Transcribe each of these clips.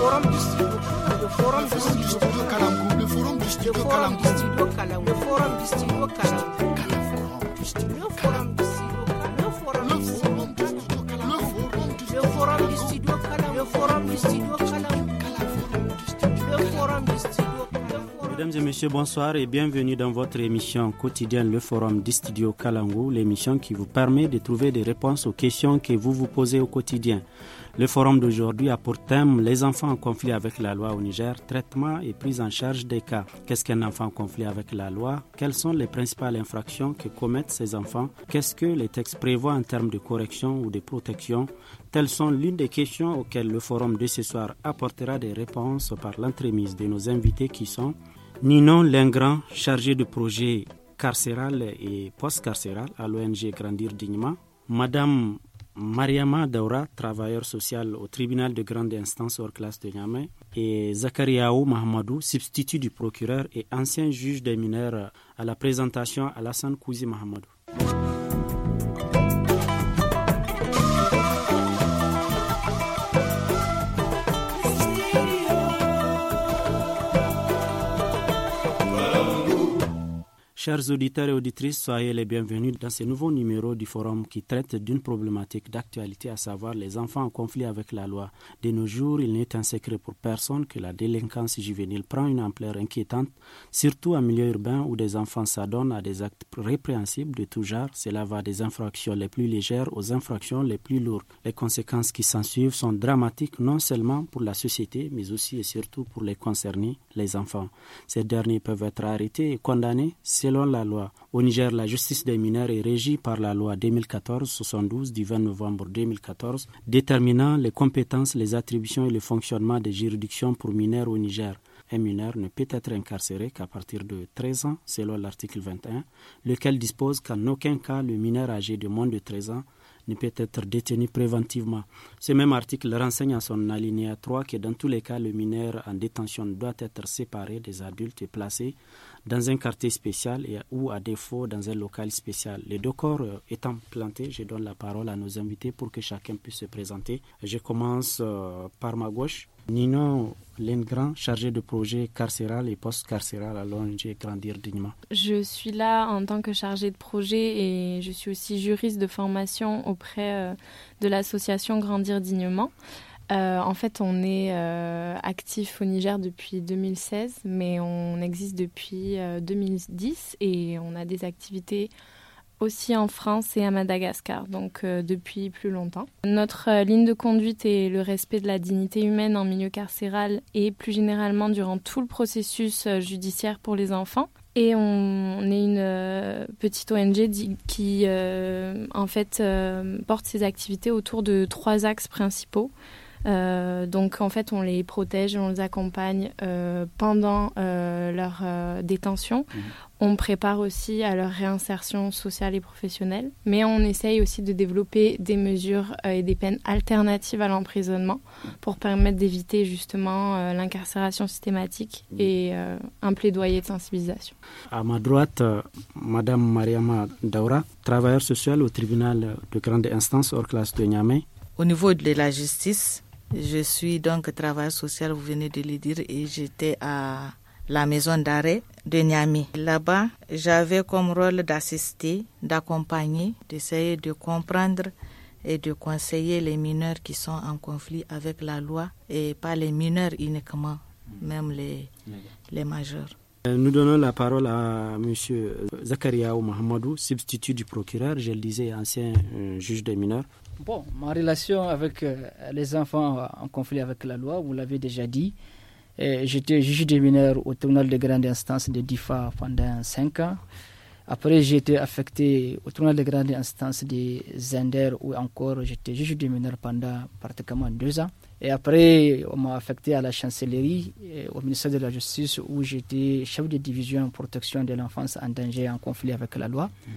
forum du studio le forum du studio Kalangu le forum du studio Kalangu le forum du studio Kalangu le forum du studio Kalangu le forum du studio le forum studio le forum studio Mesdames et messieurs, bonsoir et bienvenue dans votre émission quotidienne Le Forum du Studio Kalangu, l'émission qui vous permet de trouver des réponses aux questions que vous vous posez au quotidien. Le forum d'aujourd'hui a pour thème Les enfants en conflit avec la loi au Niger, traitement et prise en charge des cas. Qu'est-ce qu'un enfant en conflit avec la loi Quelles sont les principales infractions que commettent ces enfants Qu'est-ce que les textes prévoient en termes de correction ou de protection Telles sont l'une des questions auxquelles le forum de ce soir apportera des réponses par l'entremise de nos invités qui sont Ninon Lingrand, chargé de projet carcéral et post-carcéral à l'ONG Grandir Dignement, Madame Mariama Daura, travailleur social au tribunal de grande instance hors classe de Niamey, et Zakariaou Mahamadou, substitut du procureur et ancien juge des mineurs à la présentation à Alassane Kouzi Mahamadou. Chers auditeurs et auditrices, soyez les bienvenus dans ce nouveau numéro du forum qui traite d'une problématique d'actualité, à savoir les enfants en conflit avec la loi. De nos jours, il n'est un secret pour personne que la délinquance juvénile prend une ampleur inquiétante, surtout en milieu urbain où des enfants s'adonnent à des actes répréhensibles de tout genre. Cela va des infractions les plus légères aux infractions les plus lourdes. Les conséquences qui suivent sont dramatiques non seulement pour la société, mais aussi et surtout pour les concernés, les enfants. Ces derniers peuvent être arrêtés et condamnés. Selon la loi, au Niger, la justice des mineurs est régie par la loi 2014-72 du 20 novembre 2014, déterminant les compétences, les attributions et le fonctionnement des juridictions pour mineurs au Niger. Un mineur ne peut être incarcéré qu'à partir de 13 ans, selon l'article 21, lequel dispose qu'en aucun cas le mineur âgé de moins de 13 ans ne peut être détenu préventivement. Ce même article renseigne en son alinéa 3 que dans tous les cas, le mineur en détention doit être séparé des adultes et placé dans un quartier spécial ou à défaut dans un local spécial. Les deux corps euh, étant plantés, je donne la parole à nos invités pour que chacun puisse se présenter. Je commence euh, par ma gauche. Nino Lengrand, chargé de projet carcéral et post-carcéral à l'ONG Grandir Dignement. Je suis là en tant que chargée de projet et je suis aussi juriste de formation auprès euh, de l'association Grandir Dignement. Euh, en fait, on est euh, actif au Niger depuis 2016, mais on existe depuis 2010 et on a des activités aussi en France et à Madagascar, donc euh, depuis plus longtemps. Notre euh, ligne de conduite est le respect de la dignité humaine en milieu carcéral et plus généralement durant tout le processus euh, judiciaire pour les enfants. Et on, on est une petite ONG qui, en fait, porte ses activités autour de trois axes principaux. Euh, donc en fait, on les protège, on les accompagne euh, pendant euh, leur détention. Mhm. On prépare aussi à leur réinsertion sociale et professionnelle, mais on essaye aussi de développer des mesures et des peines alternatives à l'emprisonnement pour permettre d'éviter justement l'incarcération systématique mhm. et un plaidoyer de sensibilisation. À ma droite, Madame Mariama Daura, travailleur sociale au tribunal de grande instance hors classe de Niamey. Au niveau de la justice, je suis donc travail social, vous venez de le dire, et j'étais à la maison d'arrêt de Niamey. Là-bas, j'avais comme rôle d'assister, d'accompagner, d'essayer de comprendre et de conseiller les mineurs qui sont en conflit avec la loi, et pas les mineurs uniquement, même les, majeurs. Euh, nous donnons la parole à M. Zakariaou Mahamadou, substitut du procureur, je le disais, ancien euh, juge des mineurs. Bon, ma relation avec euh, les enfants en conflit avec la loi, vous l'avez déjà dit. J'étais juge des mineurs au tribunal de grande instance de DIFA pendant 5 ans. Après, j'ai été affecté au tribunal de grande instance de Zender où encore j'étais juge des mineurs pendant pratiquement deux ans. Et après, on m'a affecté à la chancellerie, euh, au ministère de la Justice, où j'étais chef de division en protection de l'enfance en danger en conflit avec la loi. Mmh.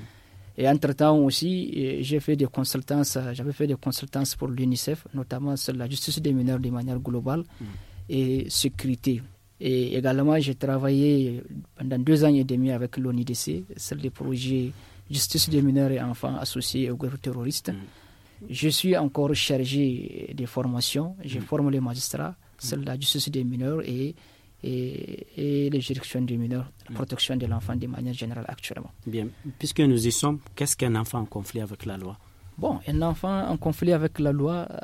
Et entre-temps aussi, j'ai fait des consultances, j'avais fait des consultances pour l'UNICEF, notamment sur la justice des mineurs de manière globale mm. et sécurité. Et également, j'ai travaillé pendant deux ans et demi avec l'ONIDC sur les projets justice des mineurs et enfants associés au groupe terroristes. Mm. Je suis encore chargé des formations, je mm. forme les magistrats sur la justice des mineurs et et, les juridictions du mineur, la mm. protection de l'enfant de manière générale actuellement. Bien, puisque nous y sommes, qu'est-ce qu'un enfant en conflit avec la loi Bon, un enfant en conflit avec la loi, euh,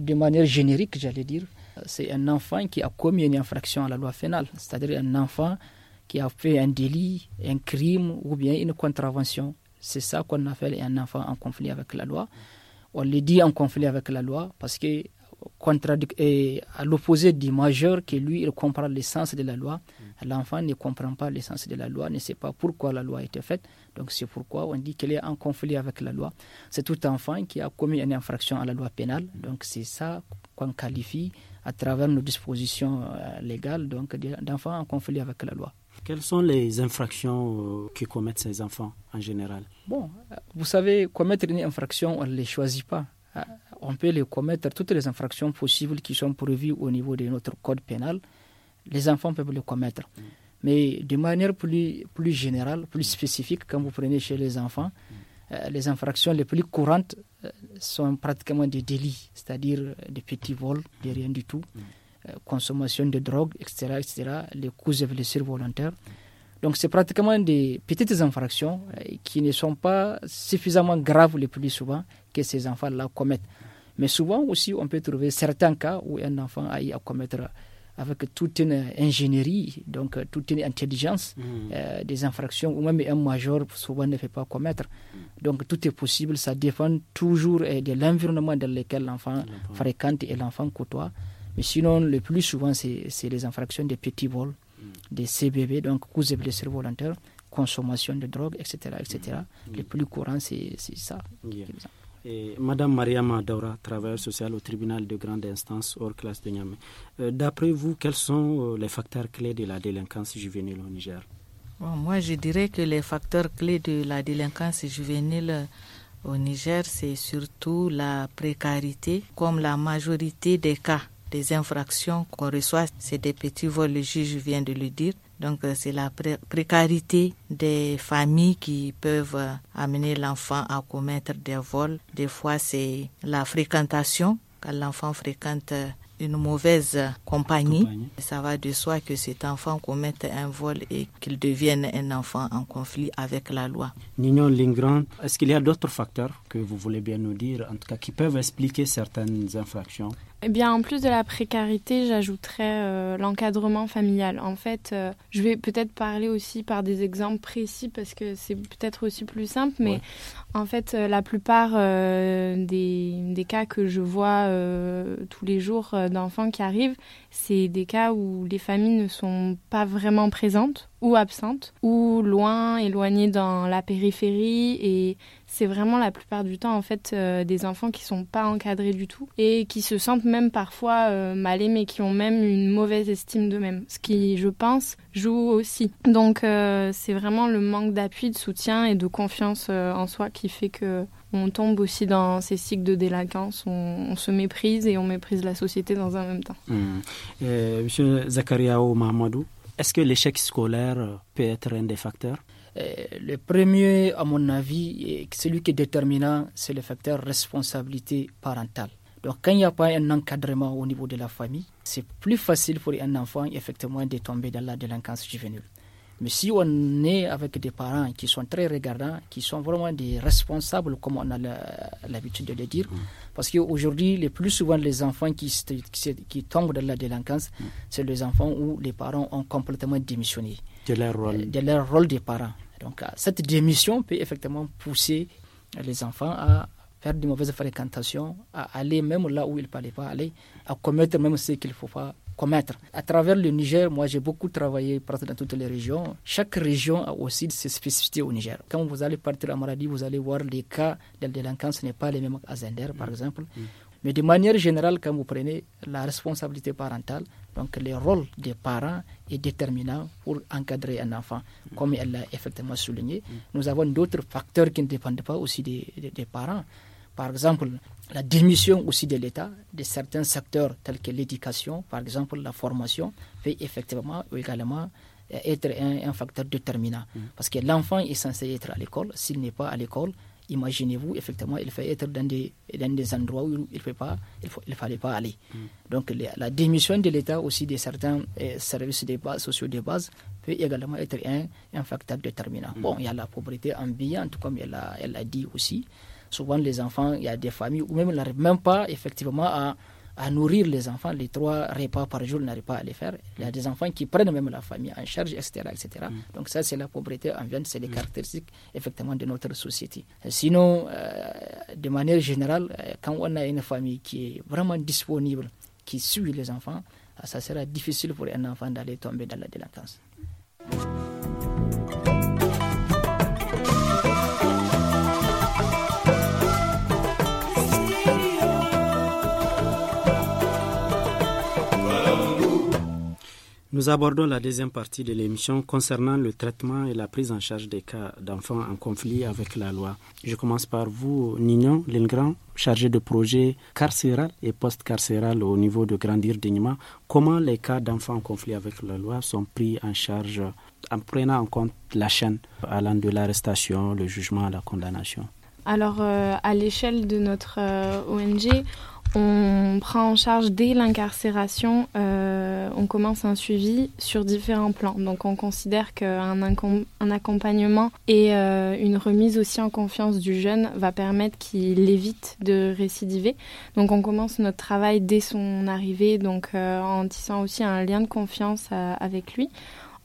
de manière générique, j'allais dire, c'est un enfant qui a commis une infraction à la loi pénale, c'est-à-dire un enfant qui a fait un délit, un crime ou bien une contravention. C'est ça qu'on appelle un enfant en conflit avec la loi. On le dit en conflit avec la loi parce que et à l'opposé du majeur qui lui il comprend l'essence de la loi. Mm. L'enfant ne comprend pas l'essence de la loi, ne sait pas pourquoi la loi a été faite. Donc c'est pourquoi on dit qu'il est en conflit avec la loi. C'est tout enfant qui a commis une infraction à la loi pénale. Mm. Donc c'est ça qu'on qualifie à travers nos dispositions euh, légales donc d'enfants en conflit avec la loi. Quelles sont les infractions euh, que commettent ces enfants en général Bon, euh, vous savez, commettre une infraction, on ne les choisit pas on peut les commettre, toutes les infractions possibles qui sont prévues au niveau de notre code pénal, les enfants peuvent les commettre. Mm. Mais de manière plus, plus générale, plus mm. spécifique, quand vous prenez chez les enfants, mm. euh, les infractions les plus courantes euh, sont pratiquement des délits, c'est-à-dire euh, des petits vols, des rien du tout, consommation de drogue, etc., etc., les coups et blessures volontaires. Donc c'est pratiquement des petites infractions qui ne sont pas suffisamment graves les plus souvent que ces enfants-là commettent. Mais souvent aussi, on peut trouver certains cas où un enfant a eu à commettre avec toute une ingénierie, donc euh, toute une intelligence, mm. euh, des infractions, ou même un major souvent ne fait pas commettre. Mm. Donc tout est possible, ça dépend toujours euh, de l'environnement dans lequel l'enfant fréquente et l'enfant côtoie. Mais sinon, le plus souvent, c'est les infractions des petits vols, mm. des CBV, donc cause et blessures volontaires, consommation de drogue, etc. etc. Le plus courant, c'est ça. Madame Maria Daura, travailleuse sociale au tribunal de grande instance hors classe de Niamey. Euh, d'après vous, quels sont euh, les facteurs clés de la délinquance juvénile au Niger Moi, je dirais que les facteurs clés de la délinquance juvénile euh, au Niger, c'est surtout la précarité, comme la majorité des cas des infractions qu'on reçoit, c'est des petits vols, le juge vient de le dire. Donc euh, c'est la précarité des familles qui peuvent euh, amener l'enfant à commettre des vols. Des fois c'est la fréquentation, quand l'enfant fréquente euh, une mauvaise compagnie. compagnie. Ça va de soi que cet enfant commette un vol et qu'il devienne un enfant en conflit avec la loi. Nino Lingrand, est-ce qu'il y a d'autres facteurs que vous voulez bien nous dire, en tout cas qui peuvent expliquer certaines infractions eh bien, en plus de la précarité, j'ajouterais euh, l'encadrement familial. En fait, euh, je vais peut-être parler aussi par des exemples précis parce que c'est peut-être aussi plus simple, mais en fait, euh, la plupart des, des, cas que je vois tous les jours d'enfants qui arrivent, c'est des cas où les familles ne sont pas vraiment présentes ou absentes, ou loin, éloignées dans la périphérie et c'est vraiment la plupart du temps en fait euh, des enfants qui sont pas encadrés du tout et qui se sentent même parfois euh, mal aimés, qui ont même une mauvaise estime d'eux-mêmes, ce qui je pense joue aussi. Donc euh, c'est vraiment le manque d'appui, de soutien et de confiance en soi qui fait que on tombe aussi dans ces cycles de délinquance, on, se méprise et on méprise la société dans un même temps. Mmh. monsieur Zakariao est-ce que l'échec scolaire peut être un des facteurs euh, le premier, à mon avis, celui qui est déterminant, c'est le facteur responsabilité parentale. Donc, quand il n'y a pas un encadrement au niveau de la famille, c'est plus facile pour un enfant, effectivement, de tomber dans la délinquance juvénile. Mais si on est avec des parents qui sont très regardants, qui sont vraiment des responsables, comme on a l'habitude de le dire, mm. parce qu'aujourd'hui, le plus souvent, les enfants qui, tombent dans la délinquance, mm. c'est les enfants où les parents ont complètement démissionné de leur rôle, de leur rôle des parents. Donc euh, cette démission peut effectivement pousser les enfants à faire de mauvaises fréquentations, à aller même là où il ne fallait pas aller, à commettre même ce qu'il ne faut pas commettre. À travers le Niger, moi j'ai beaucoup travaillé dans toutes les régions. Chaque région a aussi ses spécificités au Niger. Quand vous allez partir à Maradi, vous allez voir les cas de délinquance ce n'est pas les mêmes qu'à Zender, par mm. exemple. Mm. Mais de manière générale, quand vous prenez la responsabilité parentale, donc le rôle des parents est déterminant pour encadrer un enfant. Comme elle l'a effectivement souligné, nous avons d'autres facteurs qui ne dépendent pas aussi des, parents. Par exemple, la démission aussi de l'État de certains secteurs tels que l'éducation, par exemple la formation, peut effectivement également euh, être un facteur déterminant. Mm. Parce que l'enfant est censé être à l'école. S'il n'est pas à l'école, imaginez-vous, effectivement, il fallait être dans des, dans des endroits où il ne fallait pas aller. Mm. Donc la démission de l'État aussi de certains eh, services base, sociaux de base peut également être un, un facteur déterminant. Mm. Bon, il y a la pauvreté ambiante, comme elle l'a elle a dit aussi. Souvent, les enfants, il y a des familles, ou même, on n'arrive même pas effectivement à à nourrir les enfants, les trois repas par jour n'arrive pas à les faire. Il y a des enfants qui prennent même la famille en charge, etc. etc. Mm. Donc ça, c'est la pauvreté en Vienne, c'est les mm. caractéristiques effectivement de notre société. Sinon, euh, de manière générale, euh, quand on a une famille qui est vraiment disponible, qui suit les enfants, ah, ça sera difficile pour un enfant d'aller tomber dans la délinquance. Nous abordons la deuxième partie de l'émission concernant le traitement et la prise en charge des cas d'enfants en conflit avec la loi. Je commence par vous, Nignon Lengrand, chargé de projets carcéral et post-carcéral au niveau de Grandir Dignement. Comment les cas d'enfants en conflit avec la loi sont pris en charge en prenant en compte la chaîne allant de l'arrestation, le jugement à la condamnation alors, euh, à l'échelle de notre euh, ONG, on prend en charge dès l'incarcération, euh, on commence un suivi sur différents plans. Donc on considère qu'un accompagnement et euh, une remise aussi en confiance du jeune va permettre qu'il évite de récidiver. Donc on commence notre travail dès son arrivée, donc euh, en tissant aussi un lien de confiance avec lui.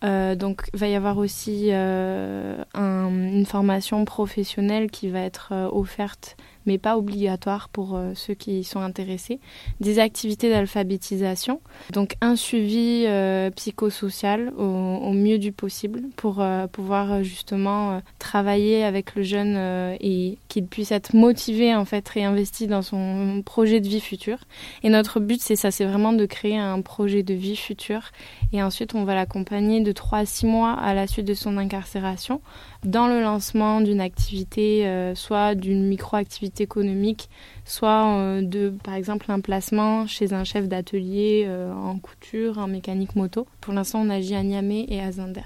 Euh, donc, va y avoir aussi une formation professionnelle qui va être offerte mais pas obligatoire pour euh, ceux qui y sont intéressés, des activités d'alphabétisation, donc un suivi euh, psychosocial au, mieux du possible pour euh, pouvoir justement travailler avec le jeune et qu'il puisse être motivé en fait et investi dans son projet de vie future. Et notre but c'est ça, c'est vraiment de créer un projet de vie future et ensuite on va l'accompagner de 3 à 6 mois à la suite de son incarcération dans le lancement d'une activité, euh, soit d'une micro-activité économique, soit euh, de, par exemple, un placement chez un chef d'atelier euh, en couture, en mécanique moto. Pour l'instant, on agit à Niamey et à Zander.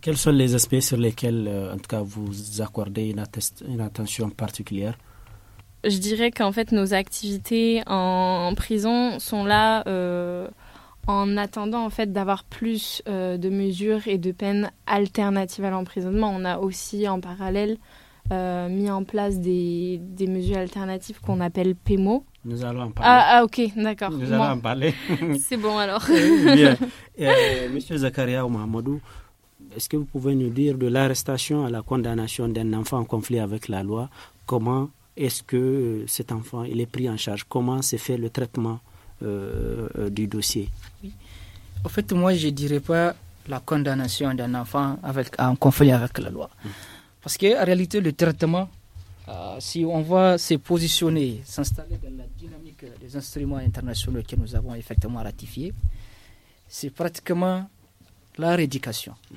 quels sont les aspects sur lesquels, en tout cas, vous accordez une, une attention particulière Je dirais qu'en fait, nos activités en prison sont là en attendant en fait d'avoir plus euh, de mesures et de peines alternatives à l'emprisonnement. On a aussi en parallèle euh, mis en place des, des mesures alternatives qu'on appelle PEMO. Nous allons en parler. Ah, ah ok, d'accord. Nous allons en parler. C'est bon alors. Eh eh, Monsieur Zakaria ou est-ce que vous pouvez nous dire de l'arrestation à la condamnation d'un enfant en conflit avec la loi, comment est-ce que euh, cet enfant il est pris en charge, comment s'est fait le traitement euh, euh, du dossier En fait, moi, je ne dirais pas la condamnation d'un enfant avec, en conflit avec la loi. Mm. Parce qu'en réalité, le traitement, euh, si on va se positionner, s'installer dans la dynamique des instruments internationaux que nous avons effectivement ratifiés, c'est pratiquement la rééducation. Mm.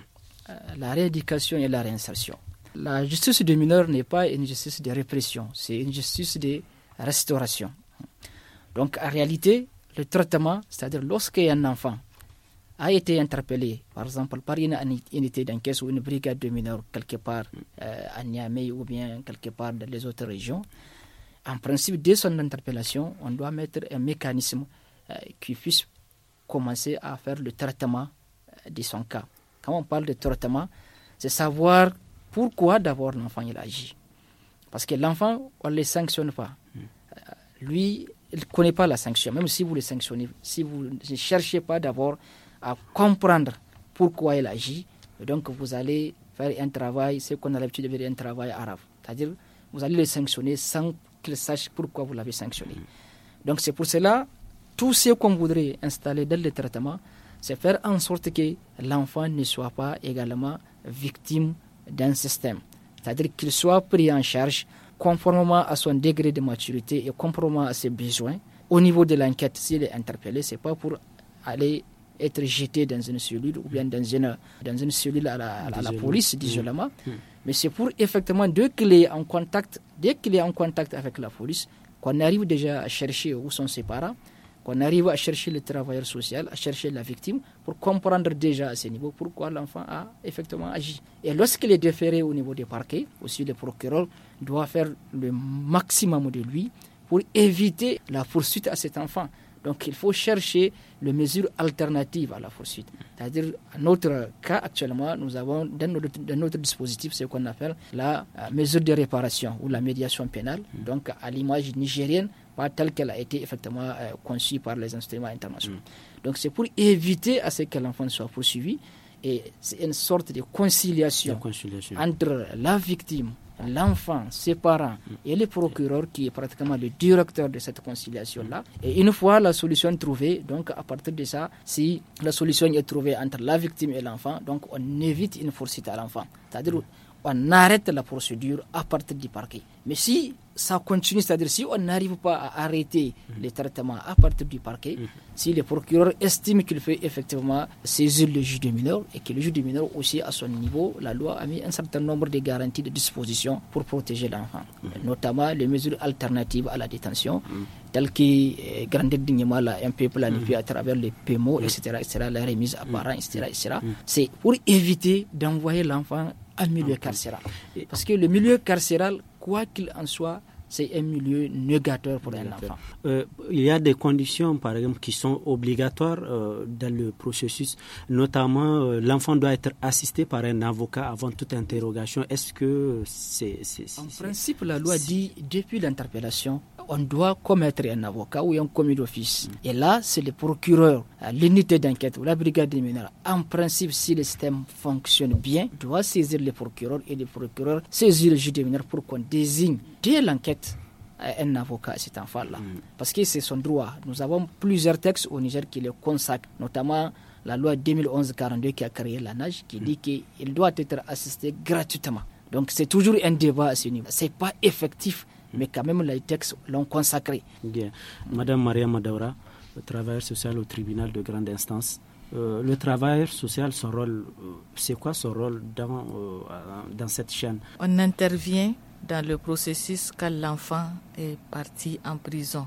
la rééducation et la réinsertion. La justice des mineurs n'est pas une justice de répression, c'est une justice de restauration. Donc en réalité, le traitement, c'est-à-dire lorsque un enfant a été interpellé, par exemple par une unité d'enquête ou une brigade de mineurs quelque part euh, à Niamey ou bien quelque part dans les autres régions, en principe, dès son interpellation, on doit mettre un mécanisme euh, qui puisse commencer à faire le traitement euh, de son cas. Quand on parle de traitement, c'est savoir pourquoi d'abord l'enfant il agit. Parce que l'enfant, on ne le sanctionne pas. Hmm. Lui, il ne connaît pas la sanction. Même si vous le sanctionnez, si vous ne cherchez pas d'abord à comprendre pourquoi il agit, donc vous allez faire un travail, ce qu'on a l'habitude de dire un travail arabe. C'est-à-dire, vous allez le sanctionner sans qu'il sache pourquoi vous l'avez sanctionné. Donc c'est pour cela, tout ce qu'on voudrait installer dans le traitement, c'est faire en sorte que l'enfant ne soit pas également victime d'un système. C'est-à-dire qu'il soit pris en charge conformément à son degré de maturité et conformément à ses besoins, au niveau de l'enquête, s'il est interpellé, ce n'est pas pour aller être jeté dans une cellule ou bien dans une, dans une cellule à la, police d'isolement, mmh. Mmh. mais c'est pour effectivement, dès qu'il en contact, dès qu'il est en contact avec la police, qu'on arrive déjà à chercher où sont ses parents, qu'on arrive à chercher le travailleur social, à chercher la victime, pour comprendre déjà à ce niveau pourquoi l'enfant a effectivement agi. Et lorsqu'il est déféré au niveau des parquets, aussi le procureur doit faire le maximum de lui pour éviter la poursuite à cet enfant. Donc il faut chercher les mesures alternatives à la poursuite. C'est-à-dire, un notre cas actuellement, nous avons dans notre, dans notre dispositif ce qu'on appelle la euh, mesure de réparation ou la médiation pénale. Mm. Donc à l'image nigérienne, pas telle qu'elle a été effectivement euh, conçue par les instruments internationaux. Mm. Donc c'est pour éviter à ce que l'enfant soit poursuivi et c'est une sorte de conciliation, entre la victime, l'enfant, ses parents mm. et le procureur qui est pratiquement le directeur de cette conciliation-là. Mm. Et une fois la solution trouvée, donc à partir de ça, si la solution est trouvée entre la victime et l'enfant, donc on évite une poursuite à l'enfant. C'est-à-dire on arrête la procédure à partir du parquet. Mais si ça continue, c'est-à-dire si on n'arrive pas à arrêter mhm. les traitements à partir du parquet, mhm. si le procureur estime qu'il fait effectivement saisir le juge de mineur et que le juge de mineur aussi à son niveau, la loi a mis un certain nombre de garanties de disposition pour protéger l'enfant, mhm. notamment les mesures alternatives à la détention telles que euh, grandir dignement un peu planifié à travers les PMO, etc., etc., la remise à parents, etc., etc. C'est pour éviter d'envoyer l'enfant au milieu ah, carcéral. Parce que le milieu carcéral, quoi qu'il en soit, c'est un milieu négateur pour un enfant. Euh, il y a des conditions, par exemple, qui sont obligatoires euh, dans le processus. Notamment, euh, l'enfant doit être assisté par un avocat avant toute interrogation. Est-ce que c'est... c'est en principe, la loi dit, depuis l'interpellation, on doit commettre un avocat ou un commis d'office. Et là, c'est le procureur, l'unité d'enquête ou la brigade des mineurs. En principe, si le système fonctionne bien, doit saisir le procureur et le procureur saisir le juge des mineurs pour qu'on désigne dès l'enquête euh, un avocat à cet enfant-là. Mm. Parce que c'est son droit. Nous avons plusieurs textes au Niger qui le consacrent, notamment la loi 2011-42 qui a créé la NAGE, qui dit mm. qu'il doit être assisté gratuitement. Donc c'est toujours un débat à ce niveau. Ce n'est pas effectif mais quand même les textes l'ont consacré. Madame Maria Madaura, travailleur social au tribunal de grande instance, euh, le travailleur social, son rôle, euh, c'est quoi son rôle dans, euh, dans cette chaîne On intervient dans le processus quand l'enfant est parti en prison.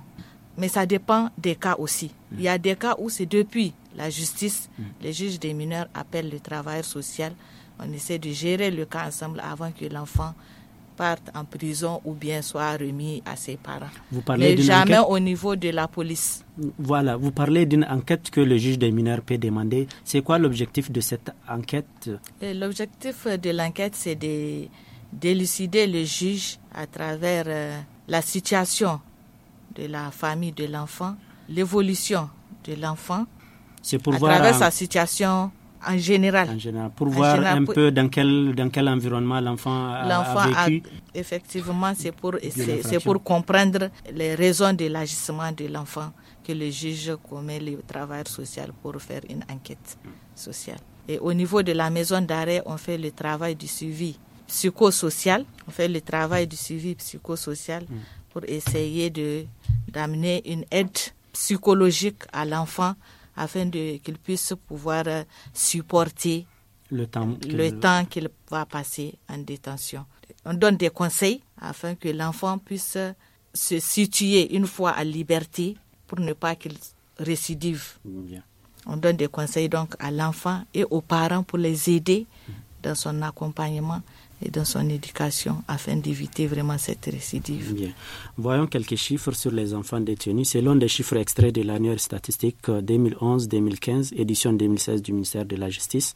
Mais ça dépend des cas aussi. Mm. Il y a des cas où c'est depuis la justice, mm. les juges des mineurs appellent le travailleur social. On essaie de gérer le cas ensemble avant que l'enfant partent en prison ou bien soit remis à ses parents. Vous parlez Mais jamais au niveau de la police. Voilà, vous parlez d'une enquête que le juge des mineurs peut demander. C'est quoi l'objectif de cette enquête euh, L'objectif de l'enquête, c'est d'élucider le juge à travers euh, la situation de la famille de l'enfant, l'évolution de l'enfant, à travers sa situation en général. pour voir un peu dans quel, dans quel environnement l'enfant a, vécu. effectivement, c'est pour, c'est pour comprendre les raisons de l'agissement de l'enfant que le juge commet le travail social pour faire une enquête sociale. Et au niveau de la maison d'arrêt, on fait le travail du suivi psychosocial. On fait le travail du suivi psychosocial mm. pour essayer de d'amener une aide psychologique à l'enfant afin qu'il puisse pouvoir euh, supporter le temps qu'il va passer en détention. On donne des conseils afin que l'enfant puisse se situer une fois à liberté pour ne pas qu'il récidive. On donne des conseils donc à l'enfant et aux parents pour les aider dans son accompagnement et dans son éducation afin d'éviter vraiment cette récidive. Bien. Voyons quelques chiffres sur les enfants détenus. Selon des chiffres extraits de l'annuaire statistique 2011-2015, euh, édition 2016 du ministère de la Justice,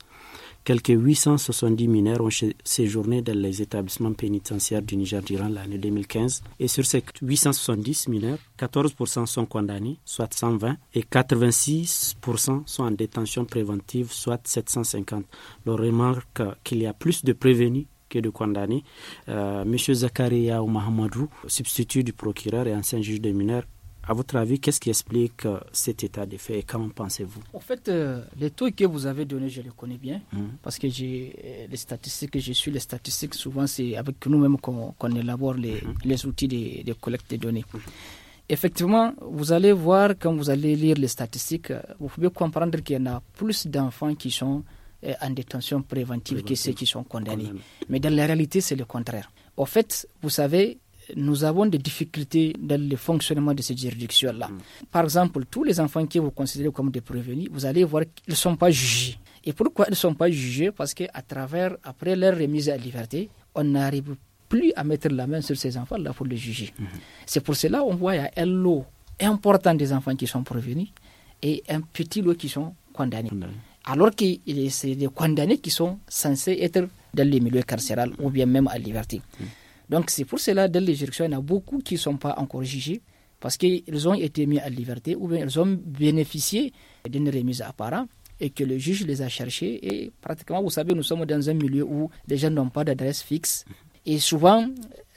quelques 870 mineurs ont séjourné dans les établissements pénitentiaires du Niger durant l'année 2015. Et sur ces 870 mineurs, 14% sont condamnés, soit 120, et 86% sont en détention préventive, soit 750. On remarque qu'il y a plus de prévenus que de condamner. Euh, Monsieur Zakaria Mahamadou, substitut du procureur et ancien juge des mineurs, à votre avis, qu'est-ce qui explique euh, cet état de fait et comment pensez-vous En fait, euh, les taux que vous avez donnés, je les connais bien mmh. parce que j'ai les statistiques, je suis les statistiques. Souvent, c'est avec nous-mêmes qu'on élabore les, mmh. les outils de, collecte des données. Mmh. Effectivement, vous allez voir quand vous allez lire les statistiques, vous pouvez comprendre qu'il y en a plus d'enfants qui sont euh, en détention préventive, que ceux qui sont condamnés. Mais dans la réalité, c'est le contraire. En fait, vous savez, nous avons des difficultés dans le fonctionnement de ces juridictions-là. Mm. Par exemple, tous les enfants qui vous considérez comme des prévenus, vous allez voir qu'ils ne sont pas jugés. Et pourquoi ils ne sont pas jugés Parce qu'à travers, après leur remise à liberté, on n'arrive plus à mettre la main sur ces enfants-là pour les juger. Mm-hmm. C'est pour cela qu'on voit un lot important des enfants qui sont prévenus et un petit lot qui sont condamnés alors qu'il c'est des condamnés qui sont censés être dans les milieux carcérales ou bien même à liberté. Mm. Donc c'est pour cela, dans les juridictions, il y en a beaucoup qui ne sont pas encore jugés parce qu'ils ont été mis à liberté ou bien ils ont bénéficié d'une remise apparente et que le juge les a cherchés. Et pratiquement, vous savez, nous sommes dans un milieu où les gens n'ont pas d'adresse fixe. Mm. Et souvent,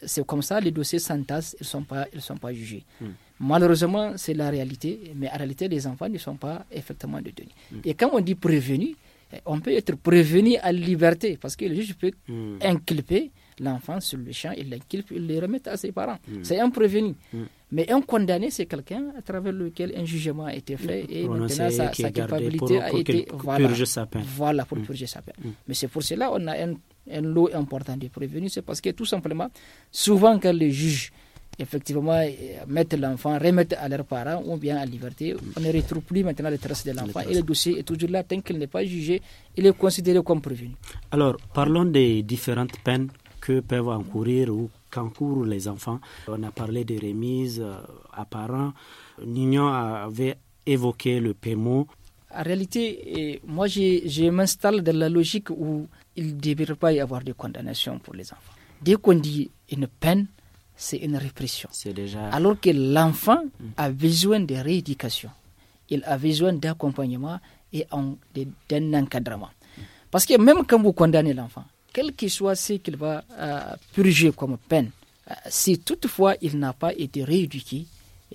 c'est comme ça, les dossiers s'entassent, ils ne sont, pas, ils sont pas jugés. Mm. Malheureusement, c'est la réalité, mais en réalité, les enfants ne sont pas effectivement détenus. Mm. Et quand on dit prévenu, eh, on peut être prévenu à liberté, parce que le juge peut mm. inculper l'enfant sur le champ, il l'inculpe, il le remet à ses parents. Mm. C'est un prévenu. Mais un condamné, c'est quelqu'un à travers lequel un jugement a été fait et maintenant sa, sa culpabilité a été voilà, pour purger sa peine. Mais c'est pour cela qu'on a un, un, lot important de prévenus, c'est parce que tout simplement, souvent quand les juges effectivement euh, mettre l'enfant, remettre à leurs parents ou bien à liberté. On ne retrouve plus maintenant les traces de l'enfant et le dossier est toujours là tant qu'il n'est pas jugé, il est considéré comme prévu. Alors, parlons des différentes peines que peuvent encourir ou qu'encourent les enfants. On a parlé des remises à euh, parents. Nignon avait évoqué le paiement En réalité, euh, moi, je, je m'installe dans la logique où il ne devrait pas y avoir de condamnation pour les enfants. Dès qu'on dit une peine, c'est une répression. Déjà... Alors que l'enfant mm. a besoin de rééducation, il a besoin d'accompagnement et d'un encadrement. Mm. Parce que même quand vous condamnez l'enfant, quel qu'il soit ce qu'il va euh, purger comme peine, euh, si toutefois il n'a pas été rééduqué,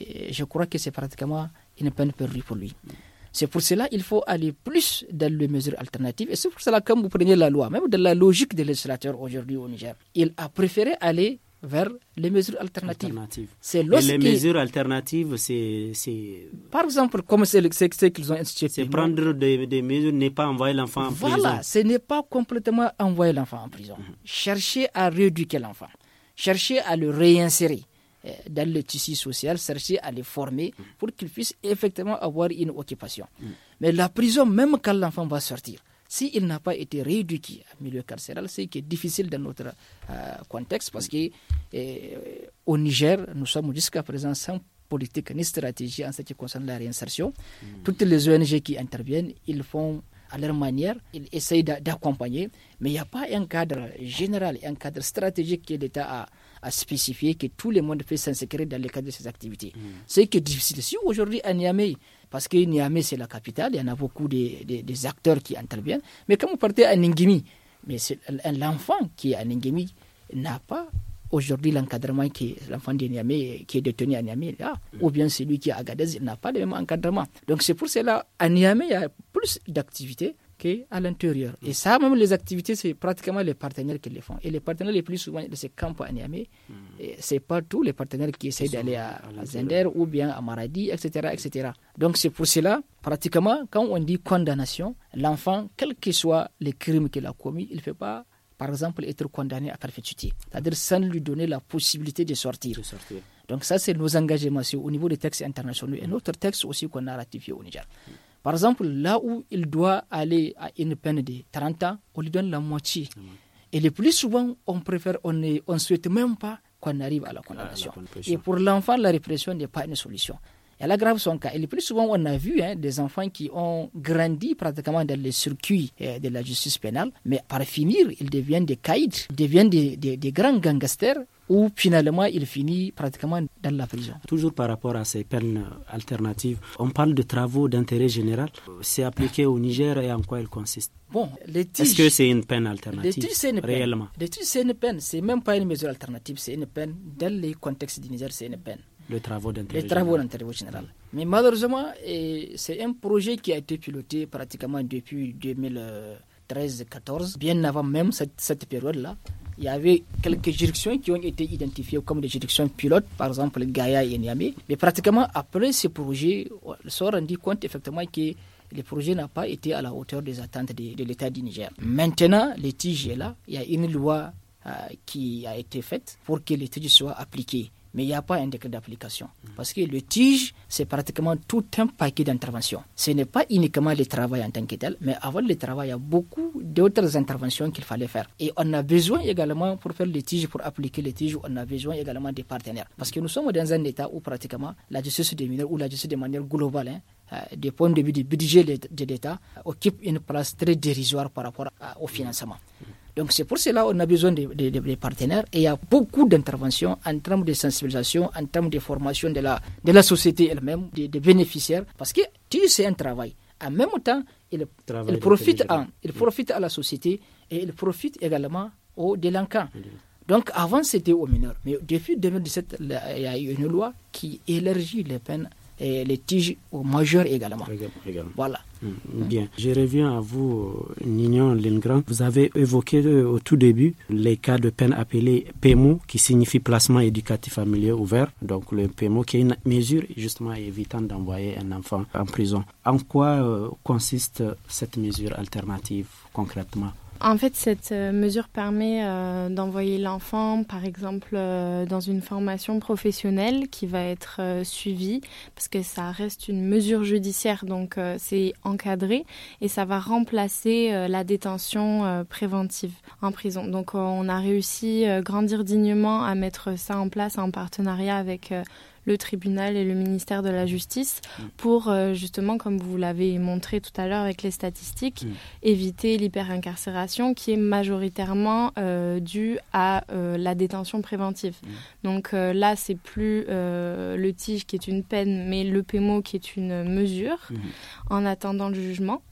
euh, je crois que c'est pratiquement une peine perdue pour lui. Mm. C'est pour cela qu'il faut aller plus dans les mesures alternatives. Et c'est pour cela que vous prenez la loi, même de la logique des législateurs aujourd'hui au Niger, il a préféré aller vers les mesures alternatives. C'est lorsque... Et les mesures alternatives, c'est... Par exemple, comme c'est ce qu'ils ont institué. C'est prendre des, mesures, n'est pas envoyer l'enfant en prison. Voilà, ce n'est pas complètement envoyer l'enfant en prison. Mhm. Chercher à rééduquer l'enfant, chercher à le réinsérer euh, dans le tissu social, chercher à le former mhm. pour qu'il puisse effectivement avoir une occupation. Mhm. Mais la prison, même quand l'enfant va sortir, s'il n'a pas été rééduqué à milieu carcéral, c'est qui est difficile dans notre euh, contexte parce que euh, au Niger, nous sommes jusqu'à présent sans politique ni stratégie en ce qui concerne la réinsertion. Hmm. Toutes les ONG qui interviennent, ils font à leur manière, ils essayent d'accompagner, mais il n'y a pas un cadre général, un cadre stratégique que l'État a, à spécifié, que tout le monde peut s'inscrire dans le cadre de ses activités. Mmh. C'est qui est difficile. Si aujourd'hui à Niamey, parce que Niamey, c'est la capitale, il y en a beaucoup des, acteurs qui interviennent. Mais quand vous partez à Ningimi, l'enfant qui est à Ningimi n'a pas aujourd'hui l'encadrement qui l'enfant de Niamey qui est détenu à Niamey là, mm. ou bien celui qui est à Agadez, il n'a pas le même encadrement. Donc c'est pour cela à Niamey il y a plus d'activités à l'intérieur. Et ça, même les activités, c'est pratiquement les partenaires qui les font. Et les partenaires les plus souvent de ces camps à Niamey, n'est hmm. pas tous les partenaires qui essayent d'aller à, la Zender ou bien à Maradi, etc. etc. Donc c'est pour cela, pratiquement, quand on dit condamnation, l'enfant, quel que soit les crimes qu'il a commis, il ne fait pas par exemple, être condamné à perpétuité, c'est-à-dire sans lui donner la possibilité de sortir. De sortir. Donc ça, c'est nos engagements au niveau des textes internationaux et notre texte aussi qu'on a ratifié au Niger. Hmm. Par exemple, là où il doit aller à une peine de 30 ans, on lui donne la moitié. Et le plus souvent, on préfère, on ne on souhaite même pas qu'on arrive à la condamnation. et pour l'enfant, la répression n'est pas une solution. Et elle aggrave son cas. Et le plus souvent, on a vu hein, des enfants qui ont grandi pratiquement dans les circuits euh, de la justice pénale, mais par finir, ils deviennent des caïds, ils deviennent des, des, des grands gangsters où finalement il finit pratiquement dans la prison. Toujours par rapport à ces peines alternatives, on parle de travaux d'intérêt général. C'est appliqué au Niger et en quoi il consiste Bon, Est-ce que c'est une peine alternative les c'est une peine. c'est une peine. C'est même pas une mesure alternative, c'est une peine. Dans les contextes du Niger, c'est une peine. Le travaux Les travaux d'intérêt général. Mais malheureusement, c'est un projet qui a été piloté pratiquement depuis 2000. 13-14, bien avant même cette, période-là, il y avait quelques juridictions qui ont été identifiées comme des juridictions pilotes, par exemple Gaïa et Niamey. Mais pratiquement après ces projets, on s'est rendu compte effectivement que le projet n'a pas été à la hauteur des attentes de, l'État du Niger. Maintenant, l'étige est là. Il y a une loi euh, qui a été faite pour que l'étige soit appliquée mais il n'y a pas un décret d'application. Parce que le TIGE, c'est pratiquement tout un paquet d'interventions. Ce n'est pas uniquement le travail en tant que tel, mais avant le travail, il y a beaucoup d'autres interventions qu'il fallait faire. Et on a besoin également, pour faire le TIGE, pour appliquer le TIGE, on a besoin également des partenaires. Parce que nous sommes dans un état où pratiquement la justice des mineurs ou la justice de manière globale, hein, euh, des points de vue du budget de l'État, occupe une place très dérisoire par rapport au financement. Donc c'est pour cela qu'on a besoin des de, partenaires et il y a beaucoup d'interventions en termes de sensibilisation, en termes de formation de la, de la société elle-même, des, bénéficiaires, parce que tu sais un travail. En même temps, il, profite, à, il profite à la société et il profite également aux délinquants. Donc avant c'était aux mineurs, mais depuis 2017, il y a une loi qui élargit les peines et les tiges aux majeurs également. Voilà. Hmm, bien. Je reviens à vous, Nignon Lengrand. Vous avez évoqué euh, au tout début les cas de peine appelés PEMO, qui signifie placement éducatif familial ouvert. Donc le PEMO qui est une mesure justement évitant d'envoyer un enfant en prison. En quoi euh, consiste cette mesure alternative concrètement en fait, cette euh, mesure permet euh, d'envoyer l'enfant, par exemple, euh, dans une formation professionnelle qui va être suivie, parce que ça reste une mesure judiciaire, donc c'est encadré, et ça va remplacer la détention préventive en prison. Donc on a réussi, grandir dignement, à mettre ça en place en partenariat avec le tribunal et le ministère de la Justice mm. pour euh, justement, comme vous l'avez montré tout à l'heure avec les statistiques, mm. éviter l'hyperincarcération qui est majoritairement euh, due à euh, la détention préventive. Mm. Donc là, c'est plus le tige qui est une peine, mais le PMO qui est une mesure en attendant le jugement.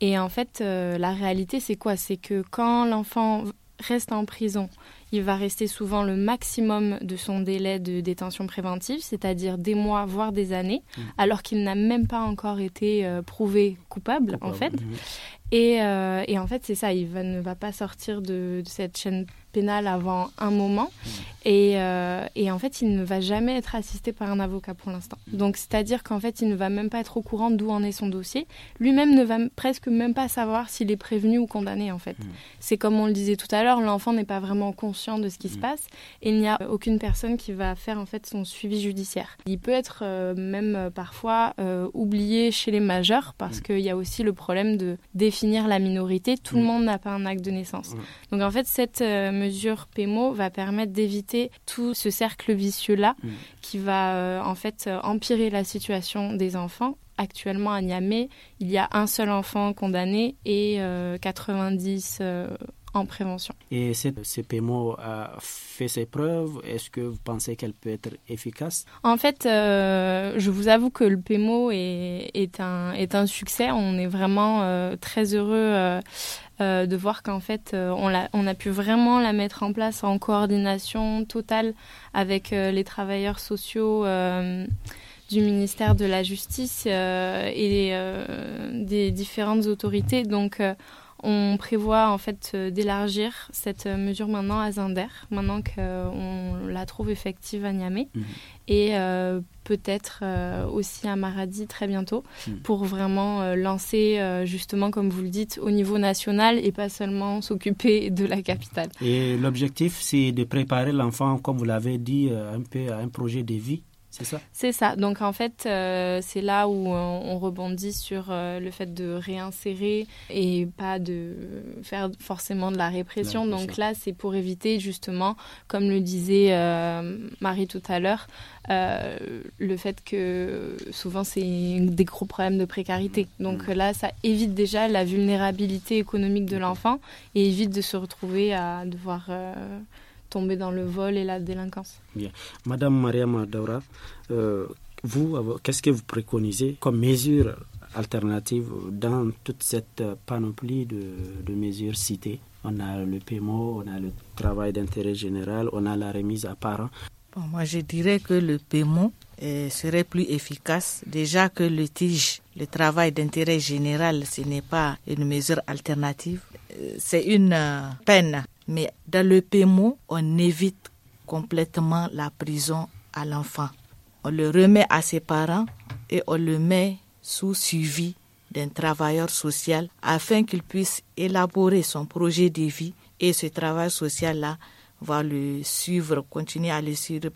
Et en fait, la réalité, c'est quoi C'est que quand l'enfant reste en prison il va rester souvent le maximum de son délai de détention préventive, c'est-à-dire des mois, voire des années, mmh. alors qu'il n'a même pas encore été euh, prouvé coupable, en fait. Mmh. Euh, et, en fait, c'est ça, il ne va pas sortir de, cette chaîne pénale avant un moment. Mm. Euh, et, en fait, il ne va jamais être assisté par un avocat pour l'instant. Mm. Donc, c'est-à-dire qu'en fait, il ne va même pas être au courant d'où en est son dossier. Lui-même ne va presque même pas savoir s'il est prévenu ou condamné, en fait. Mm. C'est comme on le disait tout à l'heure, l'enfant n'est pas vraiment conscient de ce qui se passe. Et il n'y a aucune personne qui va faire, en fait, son suivi judiciaire. Il peut être euh, même parfois oublié chez les majeurs parce qu'il y a aussi le problème de défi la minorité, tout le mm. monde n'a pas un acte de naissance. Mm. Donc en fait, cette euh, mesure PEMO va permettre d'éviter tout ce cercle vicieux-là mm. qui va euh, en fait euh, empirer la situation des enfants actuellement à Niamey, il y a un seul enfant condamné et 90 en prévention. Et cette PMO a fait ses preuves. Est-ce que vous pensez qu'elle peut être efficace En fait, euh, je vous avoue que le PMO est, est, un, est un succès. On est vraiment euh, très heureux euh, de voir qu'en fait, on, a, on a pu vraiment la mettre en place en coordination totale avec les travailleurs sociaux du ministère de la Justice et des différentes autorités. Donc, on prévoit en fait euh, d'élargir cette euh, mesure maintenant à Zinder, maintenant qu'on euh, la trouve effective à Niamey, mhm. et peut-être aussi à Maradi très bientôt, mhm. pour vraiment lancer justement, comme vous le dites, au niveau national et pas seulement s'occuper de la capitale. Et l'objectif, c'est de préparer l'enfant, comme vous l'avez dit, un peu à un projet de vie c'est ça C'est ça. Donc en fait, euh, c'est là où on, rebondit sur euh, le fait de réinsérer et pas de faire forcément de la répression. Donc là, c'est pour éviter justement, comme le disait euh, Marie tout à l'heure, le fait que souvent c'est des gros problèmes de précarité. Mmh. Donc mmh. là, ça évite déjà la vulnérabilité économique de l'enfant et évite de se retrouver à devoir tomber dans le vol et la délinquance. Bien. Madame Maria Madaura, euh, vous, qu'est-ce que vous préconisez comme mesure alternative dans toute cette panoplie de, mesures citées On a le paiement, on a le travail d'intérêt général, on a la remise à part. moi, je dirais que le paiement euh, serait plus efficace. Déjà que le TIGE, le travail d'intérêt général, ce n'est pas une mesure alternative. Euh, c'est une peine mais dans le PMO, on évite complètement la prison à l'enfant. On le remet à ses parents et on le met sous suivi d'un travailleur social afin qu'il puisse élaborer son projet de vie et ce travail social-là va le suivre, continuer à le suivre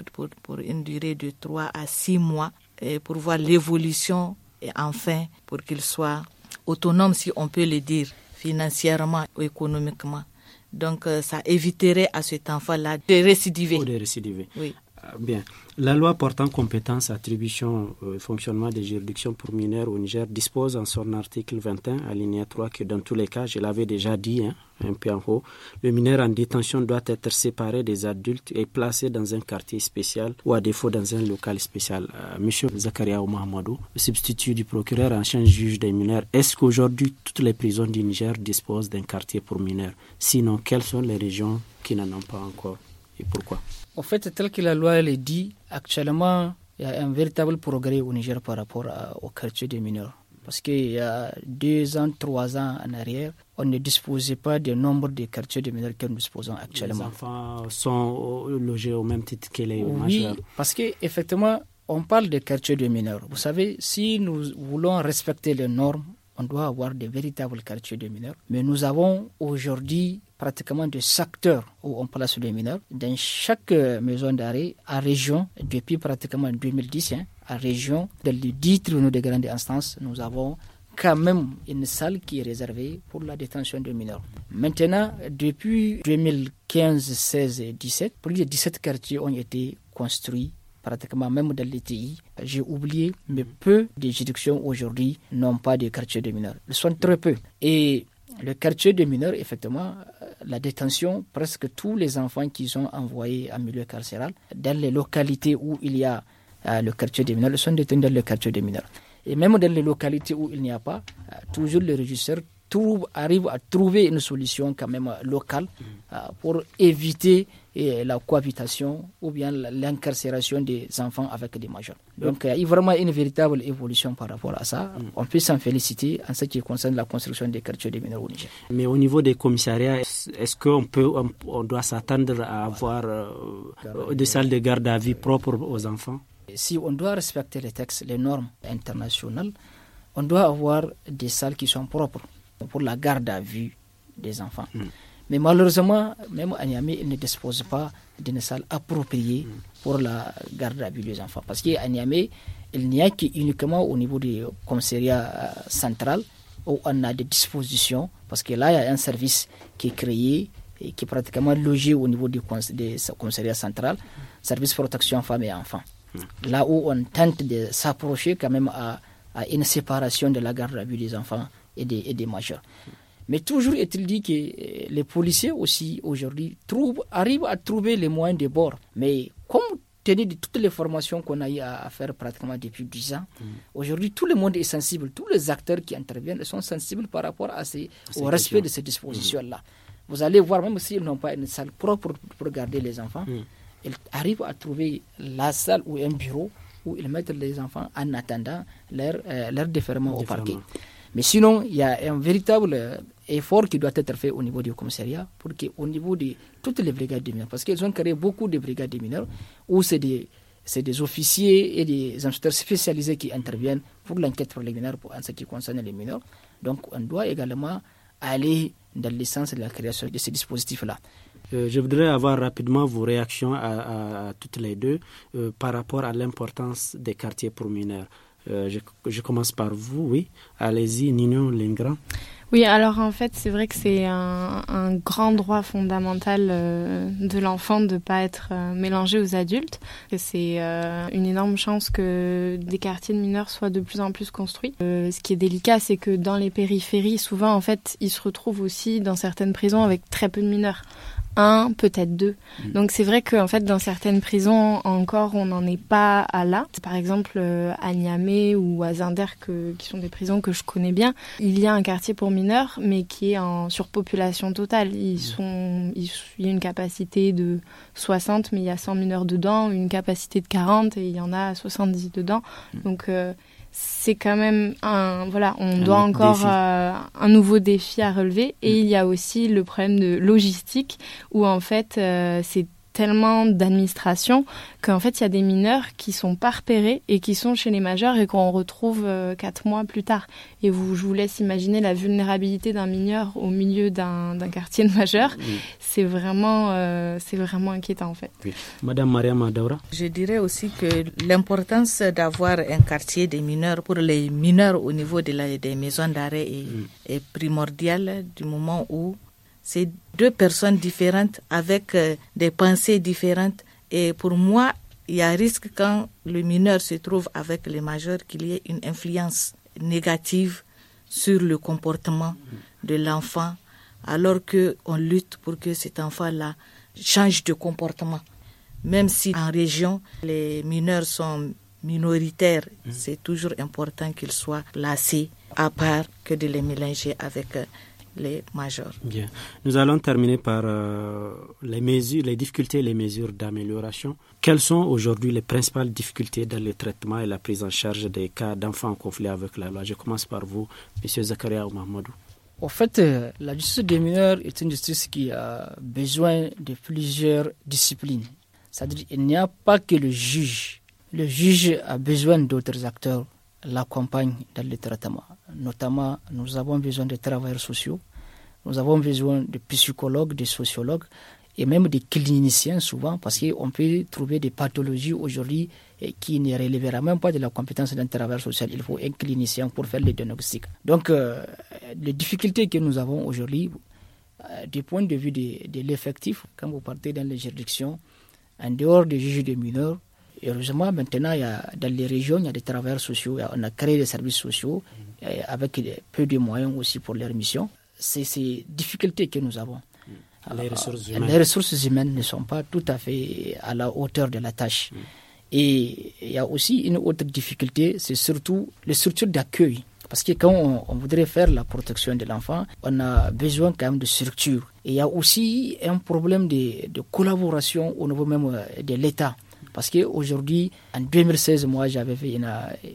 pour, une durée de 3 à 6 mois et pour voir l'évolution et enfin pour qu'il soit autonome, si on peut le dire, financièrement, ou économiquement. Donc, euh, ça éviterait à cet enfant-là de récidiver. Oui. Bien. La loi portant compétence, attribution, et euh, fonctionnement des juridictions pour mineurs au Niger dispose en son article 21, alinéa 3, que dans tous les cas, je l'avais déjà dit, hein, un peu en haut, le mineur en détention doit être séparé des adultes et placé dans un quartier spécial ou à défaut dans un local spécial. Euh, Monsieur Zakaria Oumahamadou, substitut du procureur ancien juge des mineurs, est-ce qu'aujourd'hui toutes les prisons du Niger disposent d'un quartier pour mineurs Sinon, quelles sont les régions qui n'en ont pas encore et pourquoi en fait, tel que la loi le dit, actuellement, il y a un véritable progrès au Niger par rapport au quartier des mineurs. Parce qu'il y a deux ans, trois ans en arrière, on ne disposait pas du nombre de quartiers de mineurs que nous disposons actuellement. Les enfants sont logés au même titre que les oui, majeurs. parce qu'effectivement, on parle de quartiers de mineurs. Vous savez, si nous voulons respecter les normes, on doit avoir des véritables quartiers de mineurs. Mais nous avons aujourd'hui pratiquement de secteurs où on place les mineurs dans chaque euh, maison d'arrêt à région depuis pratiquement 2010 hein, à région dans les 10 tribunaux de grande instance nous avons quand même une salle qui est réservée pour la détention des mineurs. Maintenant, depuis 2015, 16 et 17, plus de 17 quartiers ont été construits pratiquement même dans l'ETI. J'ai oublié, mais peu des juridictions aujourd'hui n'ont pas de quartier de mineurs. Ils sont très peu. Et le quartier de mineurs, effectivement, la détention, presque tous les enfants qui sont envoyés en milieu carcéral, dans les localités où il y a euh, le quartier des mineurs, sont détenus dans le quartier des mineurs. Et même dans les localités où il n'y a pas, euh, toujours le régisseur arrive à trouver une solution quand même locale mm. euh, pour éviter eh, la cohabitation ou bien l'incarcération des enfants avec des majeurs. Donc, il y a vraiment une véritable évolution par rapport à ça. Mm. On peut s'en féliciter en ce qui concerne la construction des quartiers des mineurs Mais au niveau des commissariats, est-ce qu'on peut, on, doit s'attendre à avoir euh, des salles de garde à vie propres aux enfants Si on doit respecter les textes, les normes internationales, on doit avoir des salles qui sont propres pour la garde à vue des enfants. Hmm. Mais malheureusement, même à Niamey, ne dispose pas d'une salle appropriée hmm. pour la garde à vue des enfants. Parce qu'à Niamey, il n'y a qu'uniquement au niveau du commissariat euh, central où on a des dispositions. Parce que là, il y a un service qui est créé et qui est pratiquement logé au niveau du commissariat central, service protection femmes et enfants. Hmm. Là où on tente de s'approcher quand même à une séparation de la garde à vue des enfants et des, et des majeurs. Mais toujours est-il dit que euh, les policiers aussi aujourd'hui arrivent à trouver les moyens de bord. Mais comme tenu de toutes les formations qu'on a eu à, faire pratiquement depuis 10 ans, mm. aujourd'hui tout le monde est sensible, tous les acteurs qui interviennent sont sensibles par rapport à ces, au respect de ces dispositions-là. Mm. Vous allez voir, même s'ils n'ont pas une salle propre pour garder les enfants, mm. ils arrivent à trouver la salle ou un bureau où ils mettent les enfants en attendant leur, euh, leur au parquet. Mais sinon, il y a un véritable euh, effort qui doit être fait au niveau du commissariat pour qu'au niveau de toutes les brigades des mineurs, parce qu'ils ont créé beaucoup de brigades des mineurs où c'est des, officiers et des inspecteurs spécialisés qui interviennent pour l'enquête les pour mineurs en ce qui concerne les mineurs. Donc on doit également aller dans l'essence de la création de ces dispositifs-là. Euh, je voudrais avoir rapidement vos réactions à, toutes les deux euh, par rapport à l'importance des quartiers pour mineurs. Euh, je, commence par vous, oui. Allez-y, Nino Lingra. Oui, alors en fait, c'est vrai que c'est un, grand droit fondamental euh, de l'enfant de ne pas être euh, mélangé aux adultes. C'est une énorme chance que des quartiers de mineurs soient de plus en plus construits. ce qui est délicat, c'est que dans les périphéries, souvent, en fait, ils se retrouvent aussi dans certaines prisons avec très peu de mineurs un, peut-être deux. Mm. Donc c'est vrai qu'en fait, dans certaines prisons, encore, on n'en est pas à là. Par exemple, euh, à Niamey ou à Zinder, qui sont des prisons que je connais bien, il y a un quartier pour mineurs, mais qui est en surpopulation totale. Ils mm. sont, il y a une capacité de 60, mais il y a 100 mineurs dedans, une capacité de 40, et il y en a 70 dedans. Mm. Donc... Euh, c'est quand même un voilà, on doit encore euh, un nouveau défi à relever. Et mm. il y a aussi le problème de logistique où en fait euh, c'est tellement d'administration qu'en fait, il y a des mineurs qui sont pas repérés et qui sont chez les majeurs et qu'on retrouve euh, quatre mois plus tard. Et vous, je vous laisse imaginer la vulnérabilité d'un mineur au milieu d'un quartier de majeur. C'est vraiment, euh, c'est vraiment inquiétant en fait. Madame Maria Madaura. Je dirais aussi que l'importance d'avoir un quartier des mineurs pour les mineurs au niveau de la, des maisons d'arrêt est mm. primordiale du moment où c'est deux personnes différentes avec euh, des pensées différentes. Et pour moi, il y a risque quand le mineur se trouve avec les majeurs qu'il y ait une influence négative sur le comportement de l'enfant, alors qu'on lutte pour que cet enfant-là change de comportement. Même si en région, les mineurs sont minoritaires, mmh. c'est toujours important qu'ils soient placés à part que de les mélanger avec euh, les majeurs. Bien. Nous allons terminer par euh, les mesures, les difficultés et les mesures d'amélioration. Quelles sont aujourd'hui les principales difficultés dans le traitement et la prise en charge des cas d'enfants en conflit avec la loi Je commence par vous, M. Zakaria Mahmoudou. En fait, euh, la justice des mineurs est une justice qui a besoin de plusieurs disciplines. C'est-à-dire qu'il n'y a pas que le juge. Le juge a besoin d'autres acteurs l'accompagne dans le traitement notamment nous avons besoin de travailleurs sociaux, nous avons besoin de psychologues, de sociologues et même des cliniciens souvent, parce qu'on peut trouver des pathologies aujourd'hui eh, qui ne relèvera même pas de la compétence d'un travailleur social. Il faut un clinicien pour faire le diagnostic. Donc, euh, les difficultés que nous avons aujourd'hui, euh, du point de vue de, l'effectif, quand vous partez dans les juridictions, en dehors des juges des mineurs, heureusement, maintenant, il y a, dans les régions, il y a des travailleurs sociaux, on a créé des services sociaux euh, avec peu de moyens aussi pour leur mission. C'est ces difficultés que nous avons. Les euh, ressources, humaines. ne sont pas tout à fait à la hauteur de la tâche. Mm. Et il y a aussi une autre difficulté, c'est surtout les structures d'accueil. Parce que quand on, voudrait faire la protection de l'enfant, on a besoin quand même de structures. Et il y a aussi un problème de collaboration au niveau même euh, de l'État. Parce qu'aujourd'hui, en 2016, moi, j'avais fait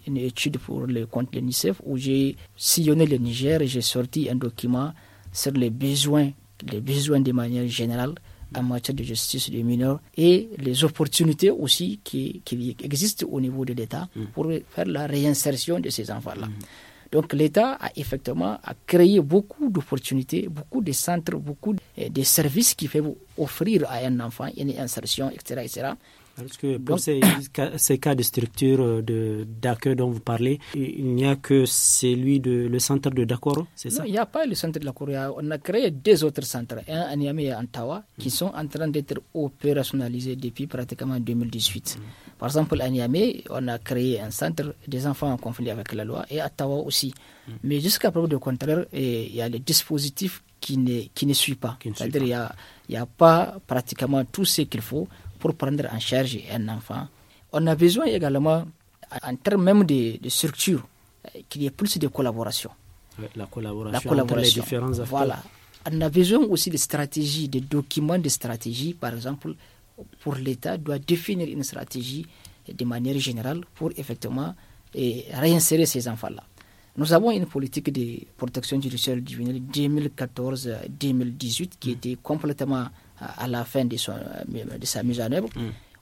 une, étude pour le compte de l'UNICEF où j'ai sillonné le Niger et j'ai sorti un document sur les besoins, les besoins de manière générale en matière de justice des mineurs et les opportunités aussi qui, existent au niveau de l'État mm. pour faire la réinsertion de ces enfants-là. Mm. Donc l'État a effectivement a créé beaucoup d'opportunités, beaucoup de centres, beaucoup de euh, services qui peuvent offrir à un enfant une insertion, etc. etc. Parce que pour ces, cas de structure euh, d'accueil dont vous parlez, il n'y a que celui de le centre de Dakoro, c'est ça Il n'y a pas le centre de Dakoro. On a créé deux autres centres, un à Niamey et un à Tawa, qui mm. sont en train d'être opérationnalisés depuis pratiquement 2018. Mm. Par exemple, à Niamey, on a créé un centre des enfants en conflit avec la loi et à Tawa aussi. Mm. Mais jusqu'à preuve du contraire, il y a le dispositif qui ne, qui ne suit pas. C'est-à-dire qu'il n'y a, pas pratiquement tout ce qu'il faut pour prendre en charge un enfant. On a besoin également, en termes même de, de structure, euh, qu'il y ait plus de collaboration. La collaboration, Entre les différents acteurs. Voilà. On a besoin aussi de stratégies, de documents de stratégie. Par exemple, pour l'État, doit définir une stratégie de manière générale pour effectivement euh, réinsérer ces enfants-là. Nous avons une politique de protection judiciaire du 2014-2018 qui mm. était complètement à, la fin de, de, sa mise en œuvre,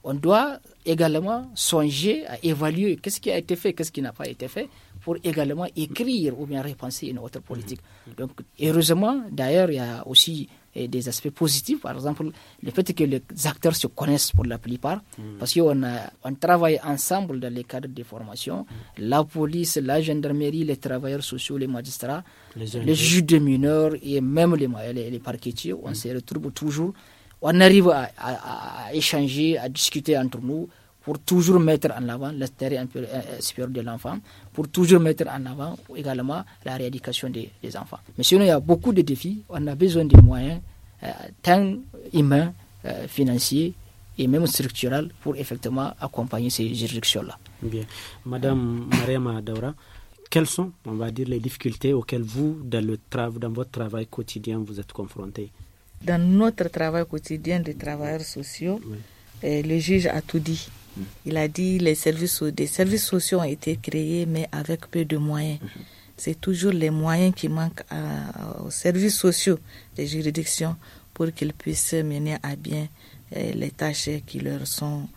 on doit également songer à évaluer qu'est-ce qui a été fait, qu'est-ce qui n'a pas été fait, pour également écrire ou bien repenser une autre politique. Mm. Donc, heureusement, d'ailleurs, il y a aussi et des aspects positifs. Par exemple, le fait que les acteurs se connaissent pour la plupart, mm. parce qu'on on travaille ensemble dans les cadres de formation. Mm. La police, la gendarmerie, les travailleurs sociaux, les magistrats, les, juges de mineurs et même les, les, parquetiers, on mm. se retrouve toujours. On arrive à, à échanger, à discuter entre nous pour toujours mettre en avant l'intérêt euh, supérieur de l'enfant, pour toujours mettre en avant également la rééducation des, enfants. Mais sinon, il y a beaucoup de défis. On a besoin des moyens, euh, tant humains, euh, financiers et même structurels, pour effectivement accompagner ces juridictions-là. Bien. Madame Mariama Daura, quelles sont, on va dire, les difficultés auxquelles vous, dans, le dans votre travail quotidien, vous êtes confrontée Dans notre travail quotidien des travailleurs sociaux, le juge a tout dit. Mm. Il a dit les services, des services sociaux ont été créés, mais avec peu de moyens. Mm-hmm. C'est toujours les moyens qui manquent aux services sociaux des juridictions pour qu'ils puissent mener à bien eh, les tâches qui leur sont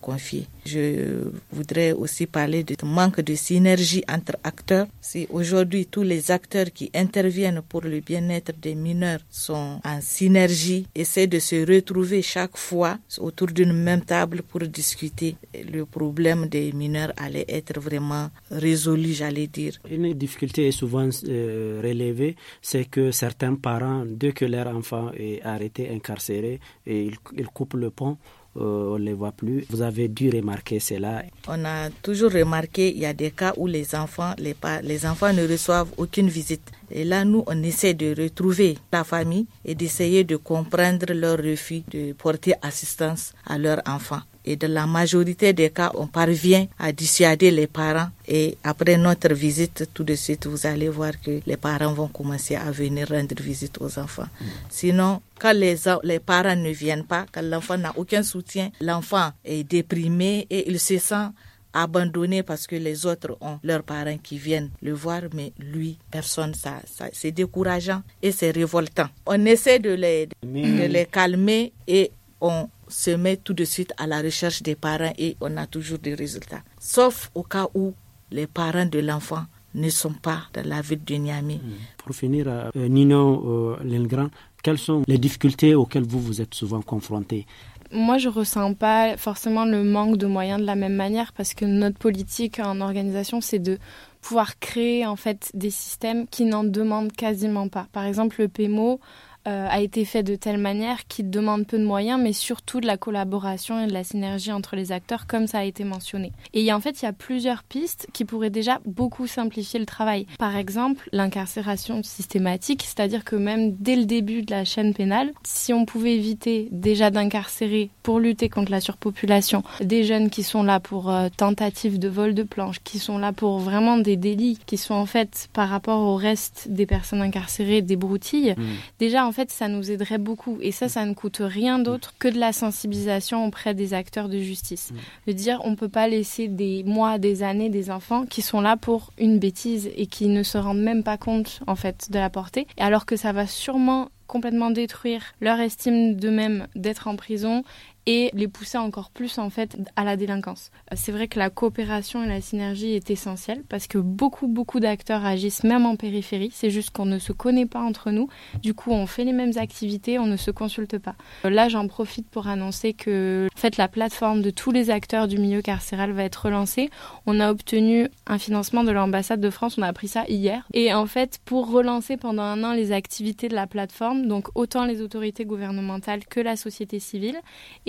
confier Je voudrais aussi parler du manque de synergie entre acteurs. Si aujourd'hui tous les acteurs qui interviennent pour le bien-être des mineurs sont en synergie, essaient de se retrouver chaque fois autour d'une même table pour discuter, le problème des mineurs allait être vraiment résolu, j'allais dire. Une difficulté est souvent euh, relevée, c'est que certains parents, dès que leur enfant est arrêté, incarcéré, et ils coupent le pont euh, on ne les voit plus. Vous avez dû remarquer cela. On a toujours remarqué, il y a des cas où les enfants, les, les enfants ne reçoivent aucune visite. Et là, nous, on essaie de retrouver la famille et d'essayer de comprendre leur refus de porter assistance à leurs enfants et dans la majorité des cas, on parvient à dissuader les parents. Et après notre visite, tout de suite, vous allez voir que les parents vont commencer à venir rendre visite aux enfants. Mm. Sinon, quand les, les parents ne viennent pas, quand l'enfant n'a aucun soutien, l'enfant est déprimé et il se sent abandonné parce que les autres ont leurs parents qui viennent le voir, mais lui, personne, ça, c'est décourageant et c'est révoltant. On essaie de les, de les calmer et on se met tout de suite à la recherche des parents et on a toujours des résultats. Sauf au cas où les parents de l'enfant ne sont pas dans la ville de Niamey. Hmm. Pour finir, euh, Nino euh, Lengrand, quelles sont les difficultés auxquelles vous vous êtes souvent confronté moi, je ressens pas forcément le manque de moyens de la même manière parce que notre politique en organisation, c'est de pouvoir créer en fait des systèmes qui n'en demandent quasiment pas. Par exemple, le PMO, euh, a été fait de telle manière qu'il demande peu de moyens, mais surtout de la collaboration et de la synergie entre les acteurs, comme ça a été mentionné. Et en fait, il y a plusieurs pistes qui pourraient déjà beaucoup simplifier le travail. Par exemple, l'incarcération systématique, c'est-à-dire que même dès le début de la chaîne pénale, si on pouvait éviter déjà d'incarcérer pour lutter contre la surpopulation des jeunes qui sont là pour euh, tentatives de vol de planche, qui sont là pour vraiment des délits qui sont en fait par rapport au reste des personnes incarcérées des broutilles, mmh. déjà en en fait, ça nous aiderait beaucoup. Et ça, mm. ça ne coûte rien mm. d'autre que de la sensibilisation auprès des acteurs de justice. Mm. De dire, on ne peut pas laisser des mois, des années, des enfants qui sont là pour une bêtise et qui ne se rendent même pas compte, en fait, de la portée. Alors que ça va sûrement complètement détruire leur estime d'eux-mêmes d'être en prison et les pousser encore plus en fait à la délinquance. Euh, c'est vrai que la coopération et la synergie est essentielle parce que beaucoup beaucoup d'acteurs agissent même en périphérie, c'est juste qu'on ne se connaît pas entre nous. Du coup, on fait les mêmes activités, on ne se consulte pas. Euh, là, j'en profite pour annoncer que en fait la plateforme de tous les acteurs du milieu carcéral va être relancée. On a obtenu un financement de l'ambassade de France, on a appris ça hier et en fait pour relancer pendant un an les activités de la plateforme, donc autant les autorités gouvernementales que la société civile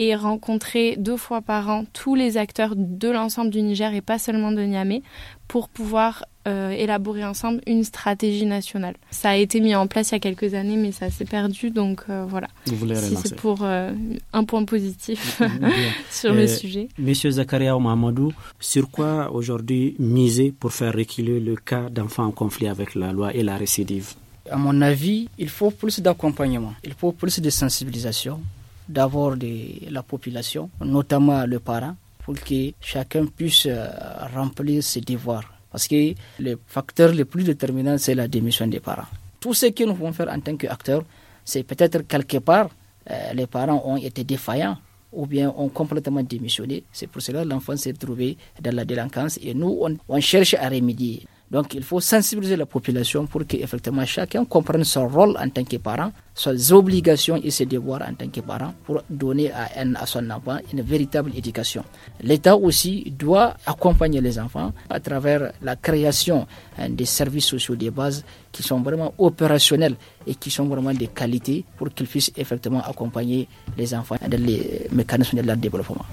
et rencontrer deux fois par an tous les acteurs de l'ensemble du Niger et pas seulement de Niamey pour pouvoir euh, élaborer ensemble une stratégie nationale. Ça a été mis en place il y a quelques années, mais ça s'est perdu, donc euh, voilà. si c'est pour euh, un point positif sur le sujet. Monsieur Zakaria Oumamadou sur quoi aujourd'hui miser pour faire reculer le cas d'enfants en conflit avec la loi et la récidive À mon avis, il faut plus d'accompagnement, il faut plus de sensibilisation, d'abord de la population, notamment le parent, pour que chacun puisse euh, remplir ses devoirs. Parce que le facteur le plus déterminant, c'est la démission des parents. Tout ce que nous pouvons faire en tant qu'acteurs, c'est peut-être quelque part, euh, les parents ont été défaillants ou bien ont complètement démissionné. C'est pour cela que l'enfant s'est trouvé dans la délinquance et nous, on, on cherche à remédier. Donc il faut sensibiliser la population pour qu'effectivement chacun comprenne son rôle en tant que parent, ses obligations et ses devoirs en tant que parent pour donner à, un, à son enfant une véritable éducation. L'État aussi doit accompagner les enfants à travers la création hein, des services sociaux de base qui sont vraiment opérationnels et qui sont vraiment de qualité pour qu'ils puissent effectivement accompagner les enfants dans les mécanismes de leur développement.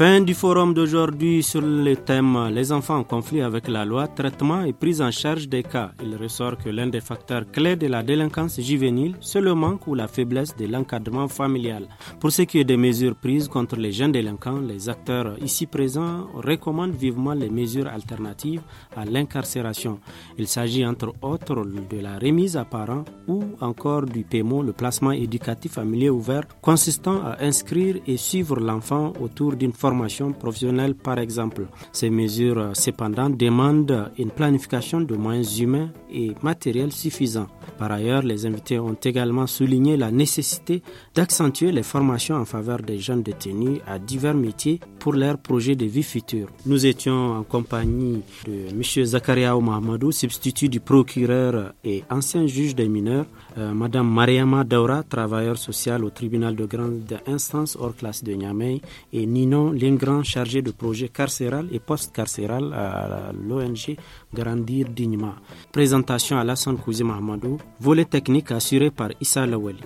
Fin du forum d'aujourd'hui sur le thème Les enfants en conflit avec la loi, traitement et prise en charge des cas. Il ressort que l'un des facteurs clés de la délinquance juvénile, c'est le manque ou la faiblesse de l'encadrement familial. Pour ce qui est des mesures prises contre les jeunes délinquants, les acteurs ici présents recommandent vivement les mesures alternatives à l'incarcération. Il s'agit entre autres de la remise à parents ou encore du paiement, le placement éducatif milieu ouvert consistant à inscrire et suivre l'enfant autour d'une forme formation professionnelle, par exemple. Ces mesures, cependant, demandent une planification de moyens humains et matériels suffisants. Par ailleurs, les invités ont également souligné la nécessité d'accentuer les formations en faveur des jeunes détenus à divers métiers pour leurs projets de vie future. Nous étions en compagnie de M. Zakaria Mahamadou, substitut du procureur et ancien juge des mineurs, euh, Madame Mariama Daura, travailleur social au tribunal de grande instance hors classe de Niamey, et Nino Lingran, chargé de projet carcéral et post-carcéral à l'ONG Grandir Dignement. Présentation à Alassane Kouzi Mahamadou, volet technique assuré par Issa Laweli.